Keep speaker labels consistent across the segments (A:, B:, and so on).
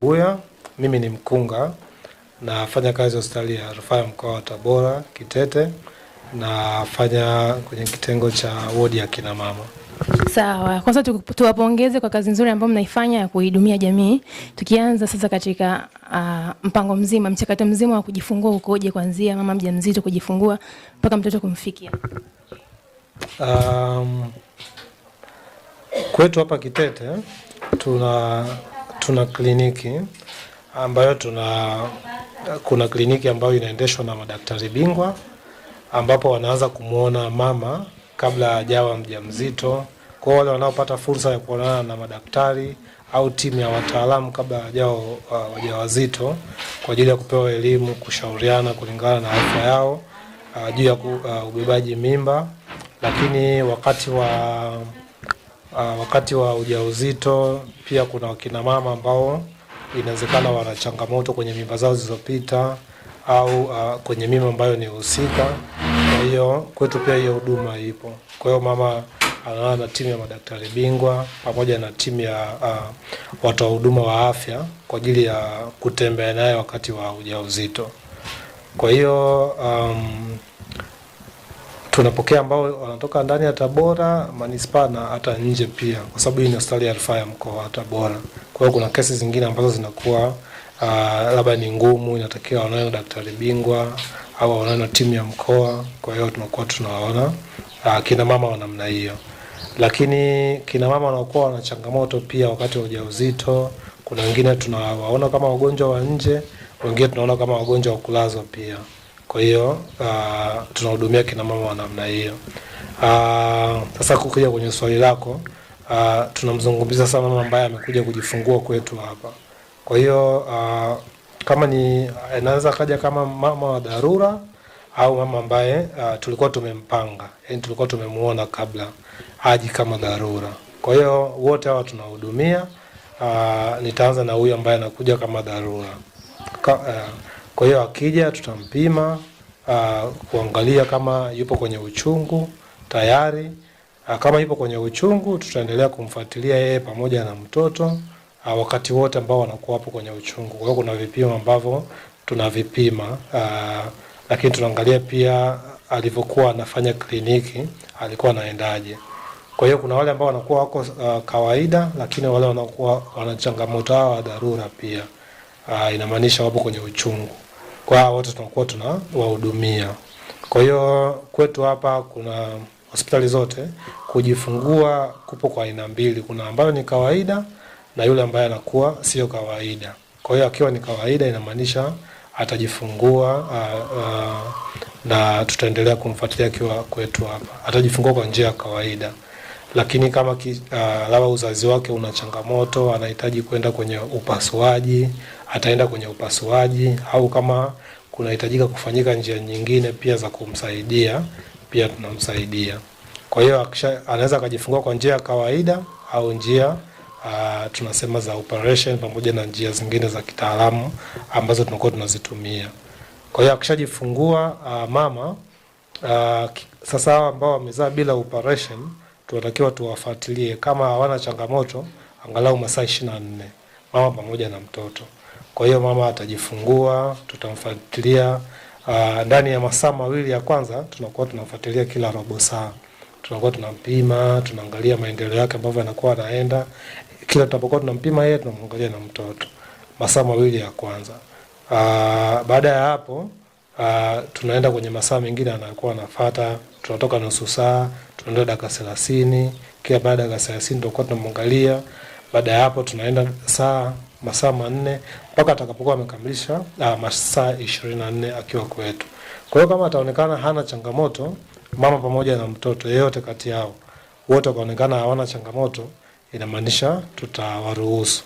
A: Buya, mimi ni mkunga nafanya kazi hospitali ya rufaa ya mkoa wa Tabora Kitete, nafanya kwenye kitengo cha wodi ya kina mama.
B: Sawa, kwanza tuwapongeze kwa kazi nzuri ambayo mnaifanya ya kuhudumia jamii. Tukianza sasa katika uh, mpango mzima, mchakato mzima wa kujifungua ukoje, kuanzia mama mjamzito kujifungua mpaka mtoto kumfikia? Um,
A: kwetu hapa Kitete tuna tuna kliniki ambayo tuna kuna kliniki ambayo inaendeshwa na madaktari bingwa ambapo wanaanza kumwona mama kabla hajawa mjamzito. Kwa wale wanaopata fursa ya kuonana na madaktari au timu ya wataalamu kabla hajao uh, wajawazito kwa ajili ya kupewa elimu, kushauriana kulingana na afya yao uh, juu ya uh, ubebaji mimba, lakini wakati wa uh, wakati wa ujauzito. Pia kuna wakina mama ambao inawezekana wana changamoto kwenye mimba zao zilizopita au uh, kwenye mimba ambayo ni husika. Kwa hiyo kwetu pia hiyo huduma ipo. Kwa hiyo mama anaana na timu ya madaktari bingwa pamoja na timu ya uh, watoa huduma wa afya kwa ajili ya kutembea naye wakati wa ujauzito. Kwa hiyo um, tunapokea ambao wanatoka ndani ya Tabora manispaa na hata nje pia, kwa sababu hii ni hospitali ya rufaa ya mkoa wa Tabora. Kwa hiyo kuna kesi zingine ambazo zinakuwa uh, labda ni ngumu, inatakiwa wanawe na daktari bingwa au wanawe na timu ya mkoa. Kwa hiyo tunakuwa tunawaona uh, kina mama wa namna hiyo, lakini kina mama wanakuwa wana changamoto pia wakati wa ujauzito. Kuna wengine tunawaona kama wagonjwa wa nje, wengine tunaona kama wagonjwa wa kulazwa pia. Kwa hiyo uh, tunahudumia kina mama wa namna hiyo. Uh, sasa kukuja kwenye swali lako uh, tunamzungumzia sana mama ambaye amekuja kujifungua kwetu hapa. Kwa hiyo uh, kama ni anaweza kaja kama mama wa dharura au mama ambaye uh, tulikuwa tumempanga, yani tulikuwa tumemuona kabla aji kama dharura. Kwa hiyo wote hawa tunahudumia. Uh, nitaanza na huyu ambaye anakuja kama dharura Ka, uh, kwa hiyo akija tutampima uh, kuangalia kama yupo kwenye uchungu tayari. Uh, kama yupo kwenye uchungu tutaendelea kumfuatilia yeye pamoja na mtoto uh, wakati wote ambao wanakuwa hapo kwenye uchungu. Kwa hiyo kuna vipimo ambavyo tunavipima uh, lakini tunaangalia pia alivyokuwa anafanya kliniki alikuwa anaendaje. Kwa hiyo kuna wale ambao wanakuwa wako uh, kawaida, lakini wale wanakuwa wana changamoto hao wa dharura pia uh, inamaanisha wapo kwenye uchungu kwa watu tunakuwa tunawahudumia. Kwa hiyo kwetu hapa kuna hospitali zote kujifungua kupo kwa aina mbili, kuna ambayo ni kawaida na yule ambaye anakuwa sio kawaida. Kwa hiyo akiwa ni kawaida inamaanisha atajifungua a, a, na tutaendelea kumfuatilia akiwa kwetu hapa, atajifungua kwa njia ya kawaida lakini kama ah, labda uzazi wake una changamoto, anahitaji kwenda kwenye upasuaji, ataenda kwenye upasuaji, au kama kunahitajika kufanyika njia nyingine pia za kumsaidia, pia tunamsaidia. Kwa hiyo anaweza akajifungua kwa njia ya kawaida au njia uh, tunasema za operation, pamoja na njia zingine za kitaalamu ambazo tunakuwa tunazitumia. Kwa hiyo akishajifungua uh, mama uh, sasa hao ambao wamezaa bila operation tunatakiwa tuwafuatilie, kama hawana changamoto angalau masaa ishirini na nne mama pamoja na mtoto. Kwa hiyo mama atajifungua, tutamfuatilia ah, ndani ya masaa mawili ya kwanza, tunakuwa tunamfuatilia kila robo saa, tunakuwa tunampima, tunaangalia maendeleo yake ambavyo anakuwa anaenda. Kila tunapokuwa tunampima yeye, tunamwangalia na mtoto masaa mawili ya kwanza. Ah, baada ya hapo aa, ah, tunaenda kwenye masaa mengine anakuwa anafuata, tunatoka nusu saa tunaenda dakika 30 kila baada ya dakika thelathini tutakuwa tunamwangalia. Baada ya hapo tunaenda saa masaa manne mpaka atakapokuwa amekamilisha ah, masaa ishirini na nne akiwa kwetu. Kwa hiyo kama ataonekana hana changamoto, mama pamoja na mtoto yeyote kati yao wote wakaonekana hawana changamoto, inamaanisha tutawaruhusu,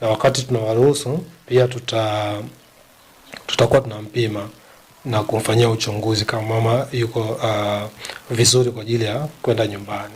A: na wakati tunawaruhusu pia tuta tutakuwa tunampima na kumfanyia uchunguzi kama mama yuko uh, vizuri kwa ajili ya kwenda nyumbani.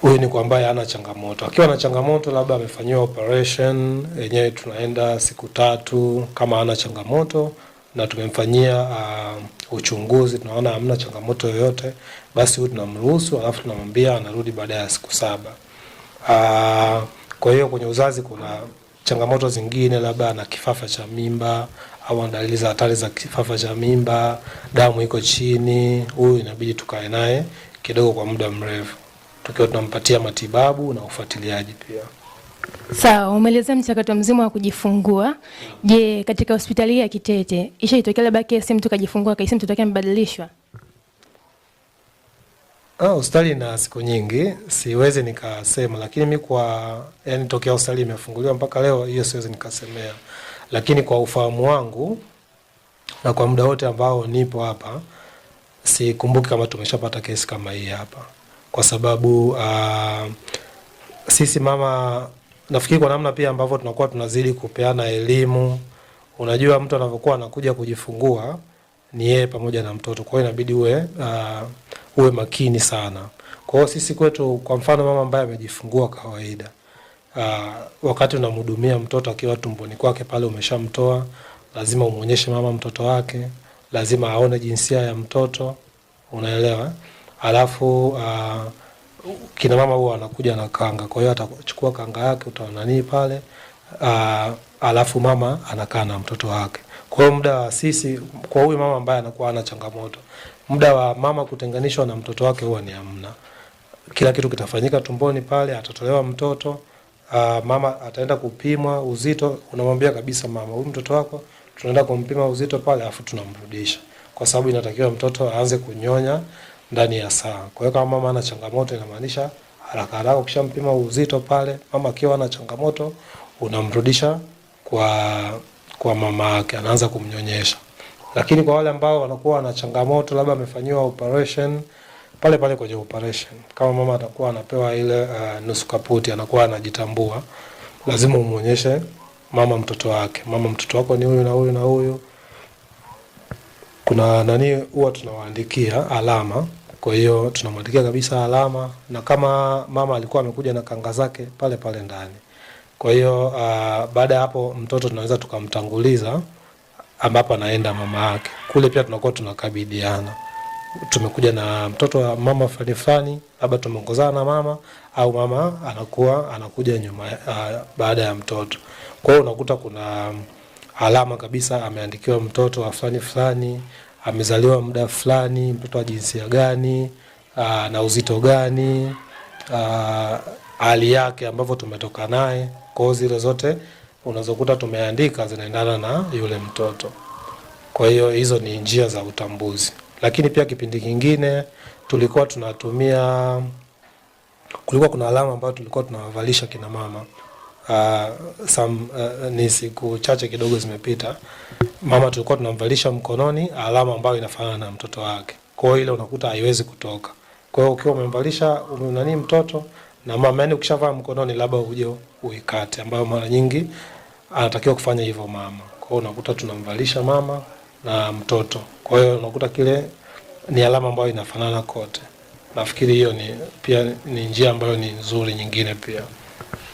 A: Huyu ni kwa ambaye hana changamoto. Akiwa na changamoto, labda amefanyiwa operation yenyewe, tunaenda siku tatu. Kama hana changamoto na tumemfanyia uh, uchunguzi, tunaona hamna changamoto yoyote, basi huyu tunamruhusu, alafu tunamwambia anarudi baada ya siku saba. Uh, kwa hiyo kwenye uzazi kuna changamoto zingine, labda ana kifafa cha mimba au dalili za hatari za kifafa cha mimba, damu iko chini, huyu inabidi tukae naye kidogo kwa muda mrefu tukiwa tunampatia matibabu na ufuatiliaji pia.
B: Sawa, umeelezea mchakato mzima wa kujifungua. Je, katika hospitali ya Kitete ishaitokea labda kesi mtu kajifungua kaisi mtoto wake amebadilishwa?
A: Ah, hospitali ina siku nyingi, siwezi nikasema, lakini mi kwa yani tokea hospitali imefunguliwa mpaka leo, hiyo siwezi nikasemea lakini kwa ufahamu wangu na kwa muda wote ambao nipo hapa, sikumbuki kama tumeshapata kesi kama hii hapa, kwa sababu uh, sisi mama, nafikiri kwa namna pia ambavyo tunakuwa tunazidi kupeana elimu, unajua mtu anavyokuwa anakuja kujifungua ni yeye pamoja na mtoto, kwa hiyo inabidi uwe uh, uwe makini sana. Kwa hiyo sisi kwetu, kwa mfano mama ambaye amejifungua kawaida Uh, wakati unamhudumia mtoto akiwa tumboni kwake pale, umeshamtoa lazima umwonyeshe mama mtoto wake, lazima aone jinsia ya mtoto, unaelewa. Alafu uh, kina mama huwa anakuja na kanga, kwa hiyo atachukua kanga yake, utaona nini pale uh, alafu mama anakaa na mtoto wake. Kwa hiyo muda wa sisi, kwa huyu mama ambaye anakuwa ana changamoto, muda wa mama kutenganishwa na mtoto wake huwa ni amna, kila kitu kitafanyika tumboni pale, atatolewa mtoto uh, mama ataenda kupimwa uzito, unamwambia kabisa mama, huyu mtoto wako tunaenda kumpima uzito pale, afu tunamrudisha, kwa sababu inatakiwa mtoto aanze kunyonya ndani ya saa. Kwa hiyo kama mama ana changamoto, inamaanisha haraka haraka ukishampima uzito pale, mama akiwa ana changamoto, unamrudisha kwa kwa mama yake, anaanza kumnyonyesha. Lakini kwa wale ambao wanakuwa na changamoto, labda amefanyiwa operation pale pale kwenye operation. Kama mama atakuwa anapewa ile uh, nusu kaputi, anakuwa anajitambua, lazima umuonyeshe mama mtoto wake, mama mtoto wako ni huyu na huyu na huyu. Kuna nani huwa tunawaandikia alama, kwa hiyo tunamwandikia kabisa alama, na kama mama alikuwa amekuja na kanga zake pale pale ndani. Kwa hiyo uh, baada ya hapo mtoto tunaweza tukamtanguliza ambapo anaenda mama yake kule, pia tunakuwa tunakabidiana tumekuja na mtoto wa mama fulani fulani, labda tumeongozana na mama au mama anakuwa anakuja nyuma uh, baada ya mtoto. Kwa hiyo unakuta kuna mm, alama kabisa, ameandikiwa mtoto wa fulani fulani, amezaliwa muda fulani, mtoto wa jinsia gani, uh, na uzito gani, uh, hali yake ambavyo tumetoka naye. Kwa hiyo zile zote unazokuta tumeandika zinaendana na yule mtoto. Kwa hiyo hizo ni njia za utambuzi. Lakini pia kipindi kingine tulikuwa tunatumia, kulikuwa kuna alama ambayo tulikuwa tunawavalisha kina mama uh, sam, uh, ni siku chache kidogo zimepita, mama tulikuwa tunamvalisha mkononi alama ambayo inafanana na mtoto wake, kwa hiyo ile unakuta haiwezi kutoka. Kwa hiyo ukiwa umemvalisha nani mtoto na mama, yani ukishavaa mkononi, labda uje uikate, ambayo mara nyingi anatakiwa kufanya hivyo mama. Kwa hiyo unakuta tunamvalisha mama na mtoto. Kwa hiyo unakuta kile ni alama ambayo inafanana kote. Nafikiri hiyo ni pia ni njia ambayo ni nzuri nyingine pia.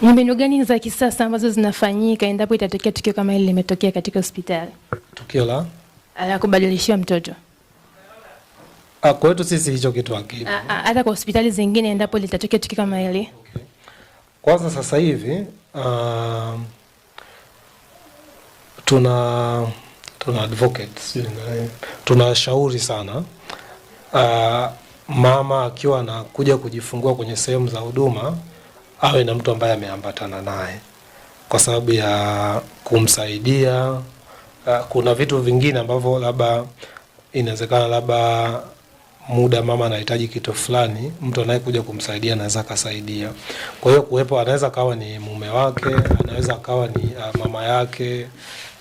B: Ni mbinu gani za kisasa ambazo zinafanyika endapo itatokea tukio kama hili limetokea katika hospitali? Tukio la ah, la kubadilishiwa mtoto.
A: Ah, kwetu sisi hicho kitu hakipo.
B: Ah, ah, hata kwa hospitali zingine endapo litatokea tukio kama hili. Okay.
A: Kwanza sasa hivi uh, tuna tuna advocates, tunashauri sana uh, mama akiwa anakuja kujifungua kwenye sehemu za huduma awe na mtu ambaye ameambatana naye kwa sababu ya kumsaidia. Uh, kuna vitu vingine ambavyo labda inawezekana labda muda mama anahitaji kitu fulani, mtu anayekuja kumsaidia anaweza akasaidia. Kwa hiyo kuwepo, anaweza akawa ni mume wake, anaweza akawa ni uh, mama yake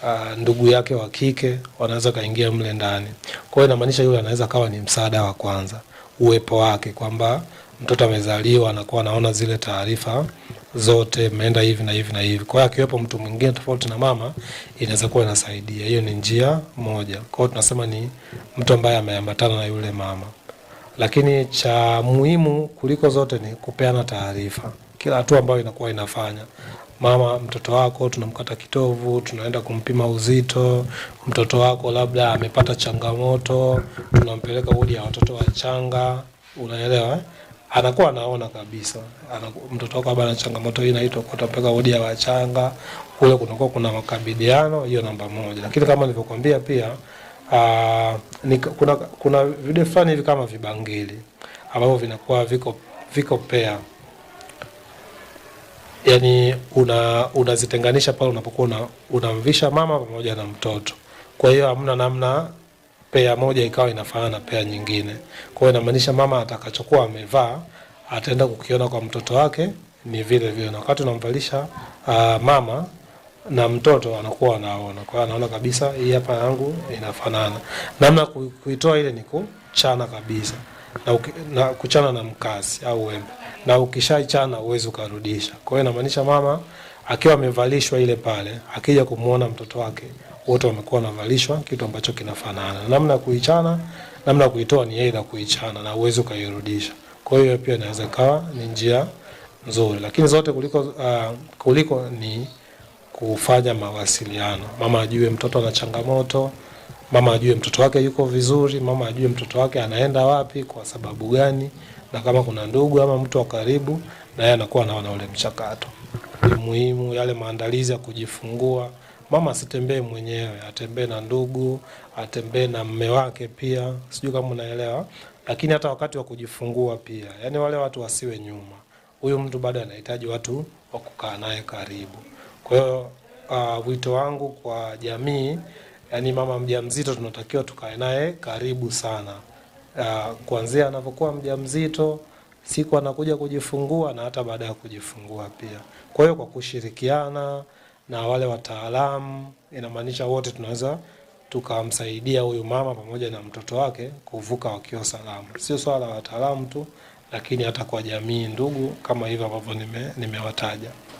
A: uh, ndugu yake wa kike wanaweza kaingia mle ndani. Kwa hiyo inamaanisha yule anaweza kawa ni msaada wa kwanza, uwepo wake kwamba mtoto amezaliwa anakuwa anaona zile taarifa zote, mmeenda hivi na hivi na hivi. Kwa hiyo akiwepo mtu mwingine tofauti na mama, inaweza kuwa inasaidia. Hiyo ni njia moja. Kwa hiyo tunasema ni mtu ambaye ameambatana na yule mama, lakini cha muhimu kuliko zote ni kupeana taarifa, kila hatua ambayo inakuwa inafanya mama, mtoto wako tunamkata kitovu, tunaenda kumpima uzito, mtoto wako labda amepata changamoto, tunampeleka wodi ya watoto wachanga, unaelewa anakuwa anaona kabisa anaku, mtoto wako labda ana changamoto hii inaitwa kutapeka wodi ya wachanga, kule kunakuwa kuna makabidiano Hiyo namba moja, lakini kama nilivyokuambia pia aa, ni, kuna, kuna video fulani hivi kama vibangili ambavyo vinakuwa viko, viko pea yani unazitenganisha pale unapokuwa unamvisha mama pamoja na mtoto. Kwa hiyo hamna namna pea moja ikawa inafanana na pea nyingine. Kwa hiyo inamaanisha mama atakachokuwa amevaa ataenda kukiona kwa mtoto wake ni vile vile, na wakati unamvalisha uh, mama na mtoto anakuwa anaona, kwa hiyo anaona kabisa hii hapa yangu inafanana. Namna kuitoa ile ni kuchana kabisa na, na kuchana na mkazi au wembe na ukishaichana uwezi ukarudisha. Kwa hiyo inamaanisha mama akiwa amevalishwa ile pale, akija kumwona mtoto wake, wote wamekuwa wanavalishwa kitu ambacho kinafanana. Namna ya kuichana, namna ya kuitoa ni aidha kuichana na uwezi ukairudisha. Kwa hiyo pia inaweza kawa ni njia nzuri, lakini zote kuliko, uh, kuliko ni kufanya mawasiliano, mama ajue mtoto ana changamoto, mama ajue mtoto wake yuko vizuri, mama ajue mtoto wake anaenda wapi, kwa sababu gani na kama kuna ndugu ama mtu wa karibu, yeye anakuwa anaona ule mchakato. Ni muhimu yale maandalizi ya kujifungua. Mama asitembee mwenyewe, atembee na ndugu, atembee na mme wake pia, sijui kama unaelewa. Lakini hata wakati wa kujifungua pia, yani wale watu wasiwe nyuma. Huyu mtu bado anahitaji watu wa kukaa naye karibu. Kwa hiyo uh, wito wangu kwa jamii, yani mama mjamzito tunatakiwa tukae naye karibu sana uh, kuanzia anapokuwa mjamzito, siku anakuja kujifungua na hata baada ya kujifungua pia. Kwa hiyo kwa kushirikiana na wale wataalamu, inamaanisha wote tunaweza tukamsaidia huyu mama pamoja na mtoto wake kuvuka wakiwa salama, sio swala la wataalamu tu, lakini hata kwa jamii, ndugu, kama hivyo ambavyo nimewataja nime